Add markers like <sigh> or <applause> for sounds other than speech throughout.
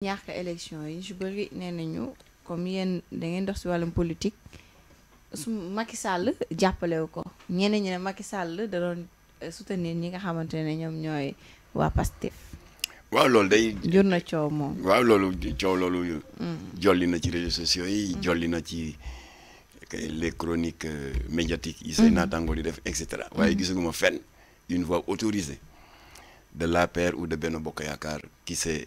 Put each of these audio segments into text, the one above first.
ka élection yi ju bëri nee nañu comme yéen da ngeen dox ci wàllum politique su Macky Sall jàppalewu ko ñeneen ñi ne Macky Sall da doon euh, soutenir ñi nga xamante ne ñoom ñooy waa Pastef waaw loolu day jur na coow moom waaw loolu coow loolu mm. jolli na ci réseaux sociaux yi mm. jolli na ci les chroniques euh, médiatiques yi mm. say naataango di def et cetera waaye gisaguma fenn une voix autorisée de la paire ou de Benno Bokk Yaakaar qui s'est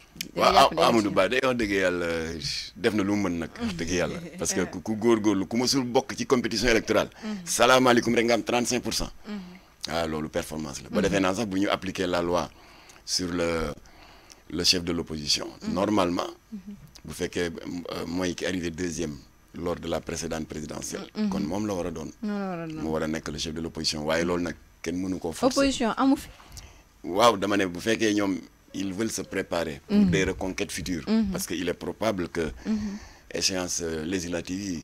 waaw Amadou Ba day wax dëgg yàlla def na lu mu mën nag wax dëgg yàlla <laughs> parce que eh. ku góorgóorlu ku mësul bokk ci compétition électorale mm-hmm. salaamaaleykum rek nga am 35 pour cent mm-hmm. ah, loolu performance la ba mm-hmm. defee naa sax bu ñu appliquer la loi sur le le chef de l'opposition normalement bu fekkee euh, mooy ki arrivé deuxième lors de la précédente présidentielle kon moom la war a doon mu war a nekk le chef de l'opposition waaye loolu nag kenn mënu koo forcer opposition amu fi waaw dama ne bu fekkee ñoom ils veulent se préparer pour mhm. des reconquêtes futures. Mhm. Parce qu'il est probable que l'échéance mhm. euh, législative,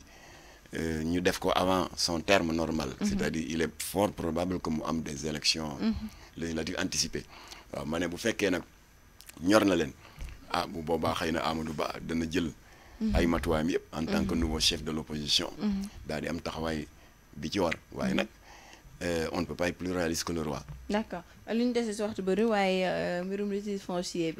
euh, avant son terme normal. C'est-à-dire il est fort probable que nous avons des élections législatives anticipées. mané, ah en tant que nouveau chef de l'opposition daal di am bi euh, on ne peut pas être plus réaliste que le roi. D'accord. L'une euh, foncier